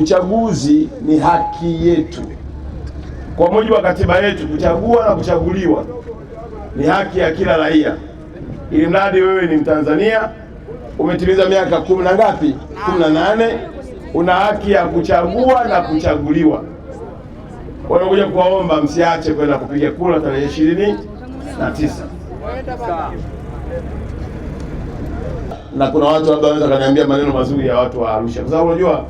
Uchaguzi ni haki yetu kwa mujibu wa katiba yetu. Kuchagua na kuchaguliwa ni haki ya kila raia, ili mradi wewe ni Mtanzania, umetimiza miaka kumi na ngapi? kumi na nane. Una haki ya kuchagua na kuchaguliwa. Wanakuja kuwaomba msiache kwenda kupiga kura tarehe ishirini na tisa na kuna watu labda wanaweza kaniambia maneno mazuri ya watu wa Arusha, kwa sababu unajua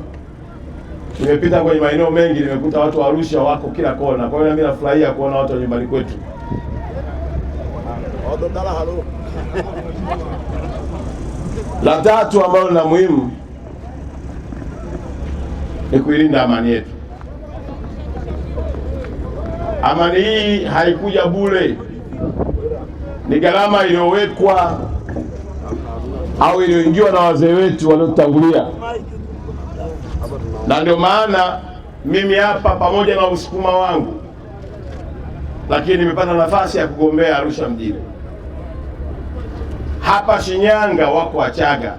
Nimepita kwenye maeneo mengi, nimekuta watu wa Arusha wako kila kona. Kwa hiyo mimi nafurahia kuona watu wa nyumbani kwetu. La tatu ambalo ni muhimu ni kuilinda amani yetu. Amani hii haikuja bure, ni gharama iliyowekwa au iliyoingiwa na wazee wetu waliotangulia na ndio maana mimi hapa pamoja na usukuma wangu, lakini nimepata nafasi ya kugombea Arusha mjini. Hapa Shinyanga wako Wachaga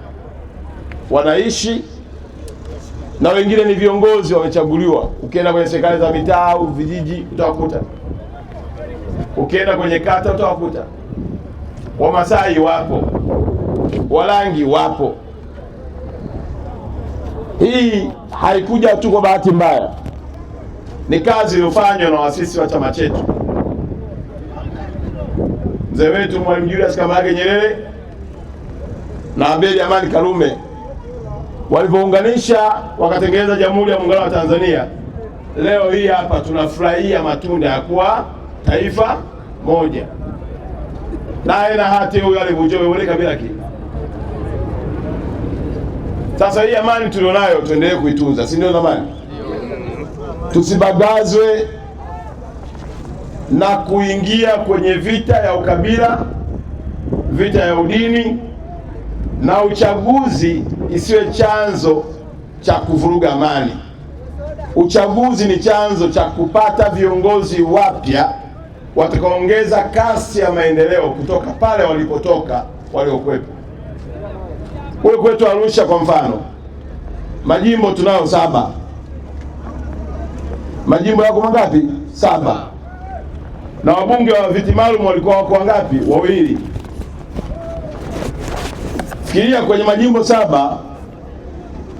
wanaishi na wengine ni viongozi wamechaguliwa. Ukienda kwenye serikali za mitaa au vijiji utawakuta, ukienda kwenye kata utawakuta. Wamasai wapo, Walangi wapo hii haikuja tu kwa bahati mbaya, ni kazi iliyofanywa na waasisi wa chama chetu, mzee wetu Mwalimu Julius Kambarage Nyerere na Abedi Amani Karume walivyounganisha wakatengeneza Jamhuri ya Muungano wa Tanzania. Leo hii hapa tunafurahia matunda ya kuwa taifa moja. Naye na hati huyo alivujua bila kitu sasa hii amani tulionayo tuendelee kuitunza, si ndio? Amani tusibagazwe na kuingia kwenye vita ya ukabila, vita ya udini na uchaguzi isiwe chanzo cha kuvuruga amani. Uchaguzi ni chanzo cha kupata viongozi wapya watakaongeza kasi ya maendeleo kutoka pale walipotoka waliokuwepo kule kwetu Arusha kwa mfano, majimbo tunayo saba. Majimbo yako mangapi? Saba. Na wabunge wa viti maalum walikuwa wako wangapi? Wawili. Fikiria kwenye majimbo saba,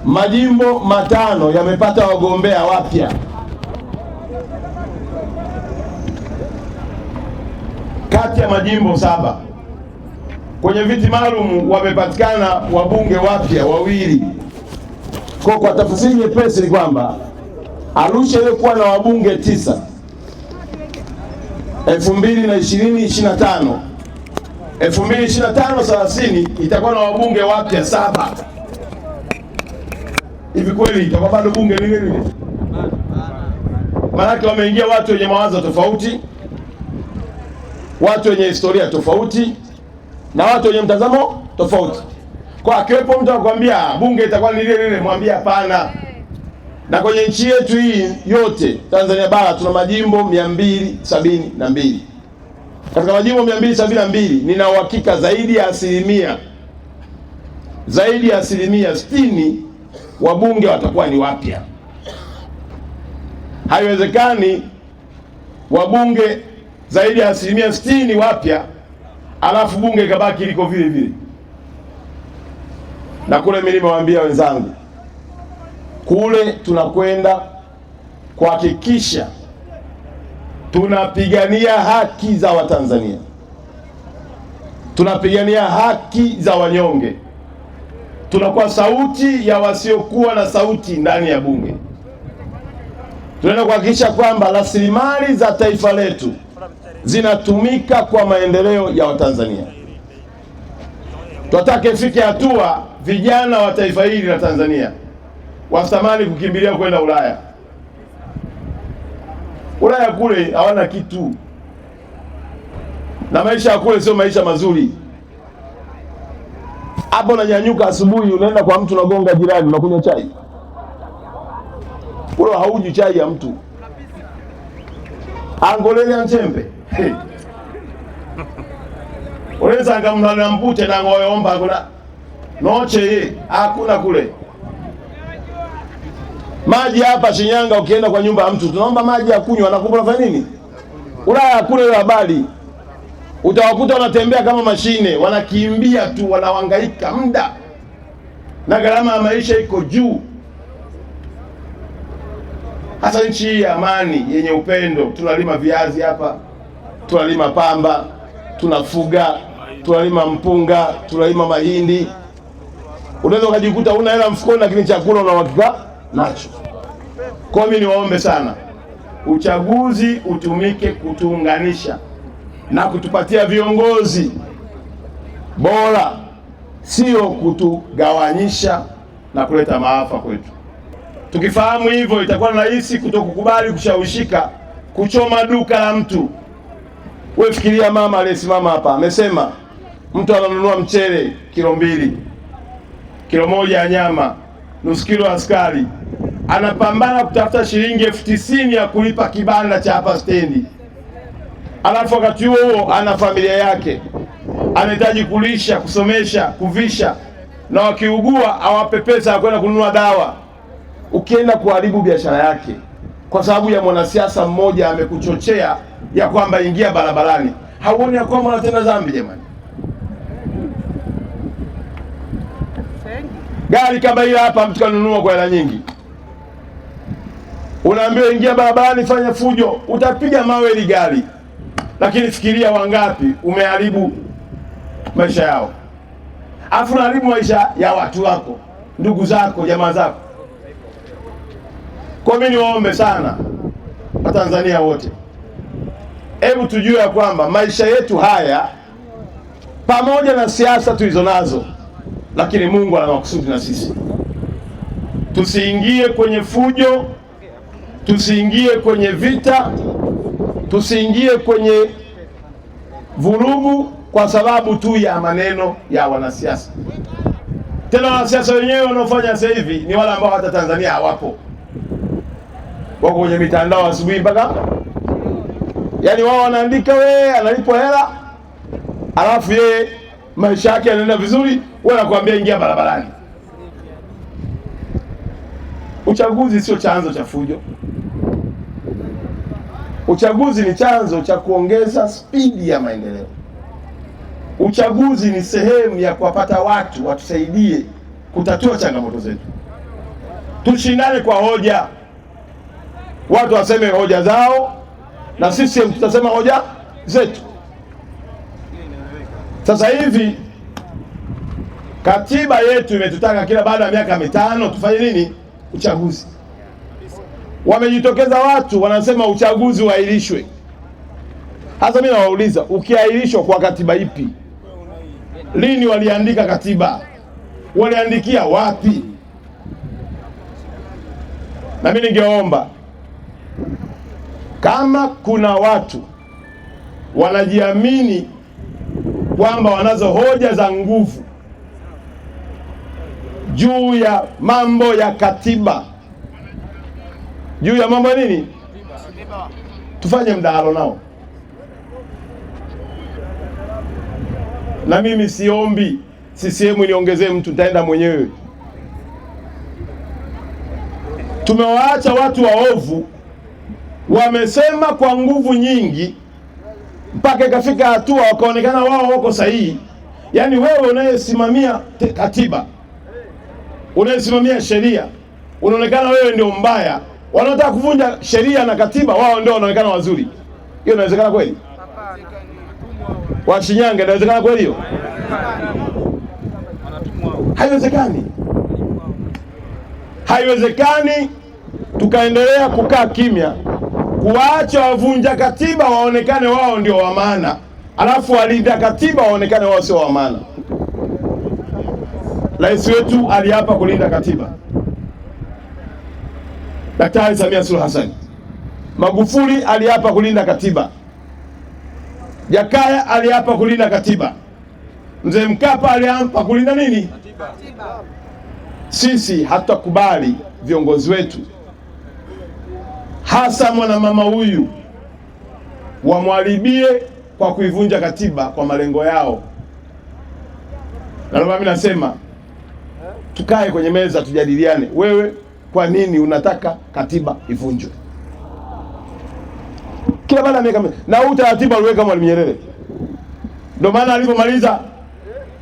majimbo matano yamepata wagombea wapya. Kati ya majimbo saba Kwenye viti maalum wamepatikana wabunge wapya wawili. Kwa kwa tafsiri nyepesi ni kwamba Arusha iliyokuwa na wabunge tisa 2020-2025 tano 30 itakuwa na wabunge wapya saba. Hivi kweli itakuwa bado bunge lile lile? Maanake wameingia watu wenye mawazo tofauti, watu wenye historia tofauti na watu wenye mtazamo tofauti. Kwa akiwepo mtu anakuambia bunge itakuwa lile lile, mwambie hapana. Na kwenye nchi yetu hii yote Tanzania bara tuna majimbo mia mbili sabini na mbili. Katika majimbo mia mbili sabini na mbili nina uhakika zaidi ya asilimia zaidi ya asilimia sitini wabunge watakuwa ni wapya. Haiwezekani wabunge zaidi ya asilimia sitini wapya alafu bunge ikabaki liko vile vile. Na kule mimi nimewaambia wenzangu, kule tunakwenda kuhakikisha tunapigania haki za Watanzania, tunapigania haki za wanyonge, tunakuwa sauti ya wasiokuwa na sauti ndani ya bunge. Tunaenda kuhakikisha kwamba rasilimali za taifa letu zinatumika kwa maendeleo ya Watanzania. Twataka ifike hatua vijana wa taifa hili la Tanzania watamani kukimbilia kwenda Ulaya. Ulaya kule hawana kitu, na maisha ya kule sio maisha mazuri. Hapo unanyanyuka asubuhi, unaenda kwa mtu, unagonga jirani, unakunywa chai. Kule hauji chai ya mtu, Angoleni anchembe hey. olenzanga mlala na mpute nange oyombako hakuna kule maji hapa Shinyanga, ukienda kwa nyumba ya mtu tunaomba maji ya kunywa, anakupa fanya nini? Ulaya kule hiyo habari. Utawakuta wanatembea kama mashine, wanakimbia tu, wanawangaika muda, na gharama ya maisha iko juu. Hasa nchi hii ya amani yenye upendo, tunalima viazi hapa tunalima pamba, tunafuga, tunalima mpunga, tunalima mahindi. Unaweza ukajikuta una hela mfukoni, lakini chakula una uhakika nacho. Kwa mimi niwaombe sana, uchaguzi utumike kutuunganisha na kutupatia viongozi bora, sio kutugawanyisha na kuleta maafa kwetu. Tukifahamu hivyo, itakuwa rahisi kutokukubali kushawishika kuchoma duka la mtu. Wewe fikiria, mama aliyesimama hapa amesema mtu ananunua mchele kilo mbili, kilo moja ya nyama, nusu kilo askari, anapambana kutafuta shilingi elfu tisini ya kulipa kibanda cha hapa stendi, alafu wakati huo huo ana familia yake anahitaji kulisha, kusomesha, kuvisha, na wakiugua awape pesa ya kwenda kununua dawa. Ukienda kuharibu biashara yake kwa sababu ya mwanasiasa mmoja amekuchochea ya kwamba ingia barabarani, hauoni ya kwamba unatenda dhambi? Jamani, gari kama hiyo hapa mtu kanunua kwa hela nyingi, unaambiwa ingia barabarani, fanya fujo, utapiga mawe ili gari. Lakini fikiria wangapi umeharibu maisha yao, alafu unaharibu maisha ya watu wako, ndugu zako, jamaa zako. Kwa mimi niwaombe sana Watanzania wote hebu tujue ya kwamba maisha yetu haya pamoja na siasa tulizo nazo, lakini Mungu ana makusudi na sisi. Tusiingie kwenye fujo, tusiingie kwenye vita, tusiingie kwenye vurugu kwa sababu tu ya maneno ya wanasiasa. Tena wanasiasa wenyewe wanaofanya sasa hivi ni wale ambao hata Tanzania hawapo, wako kwenye mitandao asubuhi mpaka Yaani wao wanaandika, wewe analipwa hela, alafu yeye maisha yake yanaenda vizuri, wewe anakuambia ingia barabarani. Uchaguzi sio chanzo cha fujo. Uchaguzi ni chanzo cha kuongeza spidi ya maendeleo. Uchaguzi ni sehemu ya kuwapata watu watusaidie kutatua changamoto zetu. Tushindane kwa hoja, watu waseme hoja zao na sisi tutasema hoja zetu. Sasa hivi katiba yetu imetutaka kila baada ya miaka mitano tufanye nini? Uchaguzi. Wamejitokeza watu wanasema uchaguzi uahirishwe. Hasa mimi nawauliza, ukiahirishwa kwa katiba ipi? Lini waliandika katiba? Waliandikia wapi? Na mimi ningeomba kama kuna watu wanajiamini kwamba wanazo hoja za nguvu juu ya mambo ya katiba, juu ya mambo ya nini, tufanye mdahalo nao. Na mimi siombi CCM niongezee mtu, nitaenda mwenyewe. Tumewaacha watu waovu wamesema kwa nguvu nyingi mpaka ikafika hatua wakaonekana wao wako sahihi. Yaani wewe unayesimamia katiba, unayesimamia sheria, unaonekana wewe ndio mbaya. Wanaotaka kuvunja sheria na katiba, wao ndio wanaonekana wazuri. Hiyo inawezekana kweli? washinyanga inawezekana kweli hiyo? Haiwezekani, haiwezekani tukaendelea kukaa kimya kuwaacha wavunja katiba waonekane wao ndio wa maana, alafu walinda katiba waonekane wao sio wa maana. Rais wetu aliapa kulinda katiba, Daktari Samia Suluhu Hassan. Magufuli aliapa kulinda katiba, Jakaya aliapa kulinda katiba, mzee Mkapa aliapa kulinda nini? Katiba. Sisi hatutakubali viongozi wetu hasa mwanamama huyu wamwharibie kwa kuivunja katiba kwa malengo yao. Na mimi nasema tukae kwenye meza tujadiliane, wewe kwa nini unataka katiba ivunjwe? Kila baada ya miaka na huu utaratibu aliweka Mwalimu Nyerere, ndio maana alipomaliza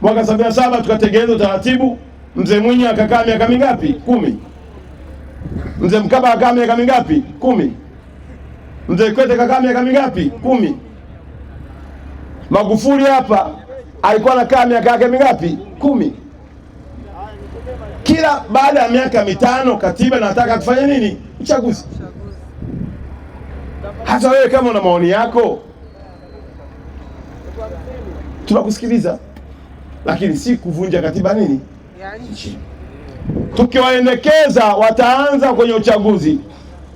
mwaka sabini na saba tukatengeneza utaratibu. Mzee Mwinyi akakaa miaka mingapi? Kumi. Mzee Mkapa kakaa miaka mingapi? Kumi. Mzee Kikwete kakaa miaka mingapi? Kumi. Magufuli hapa alikuwa anakaa miaka yake mingapi? Kumi. Kila baada ya miaka mitano katiba nataka tufanye nini? Uchaguzi. Hata wewe kama una maoni yako tunakusikiliza, lakini si kuvunja katiba nini ya nchi tukiwaendekeza wataanza kwenye uchaguzi,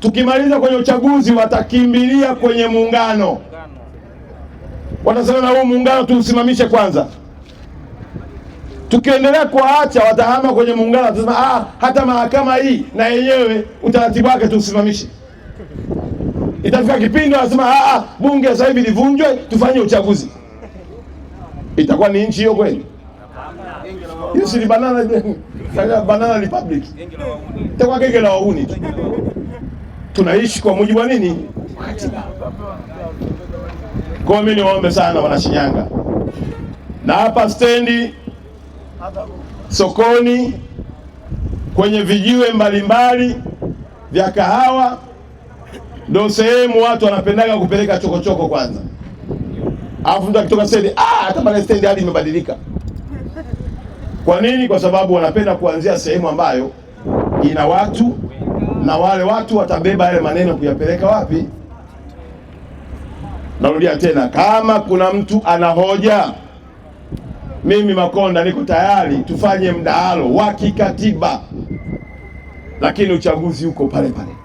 tukimaliza kwenye uchaguzi watakimbilia kwenye muungano. Watasema na huu muungano tuusimamishe kwanza. Tukiendelea kuwaacha watahama kwenye muungano, watasema ah, hata mahakama hii na yenyewe utaratibu wake tuusimamishe. Itafika kipindi wanasema ah, ah, bunge sasa hivi livunjwe, tufanye uchaguzi. Itakuwa ni nchi hiyo kweli? hiyo si banana Banana Republic itakuwa genge la wauni Tunaishi kwa mujibu wa nini? Katiba. Kwa mimi niwaombe sana wana shinyanga na hapa stendi, sokoni, kwenye vijiwe mbalimbali vya kahawa ndo sehemu watu wanapendaga kupeleka chokochoko kwanza, alafu mtu akitoka stendi, ah, hata pale stendi hadi imebadilika. Kwa nini? Kwa sababu wanapenda kuanzia sehemu ambayo ina watu na wale watu watabeba yale maneno kuyapeleka wapi? Narudia tena, kama kuna mtu anahoja mimi Makonda niko tayari tufanye mdahalo wa kikatiba, lakini uchaguzi uko pale pale.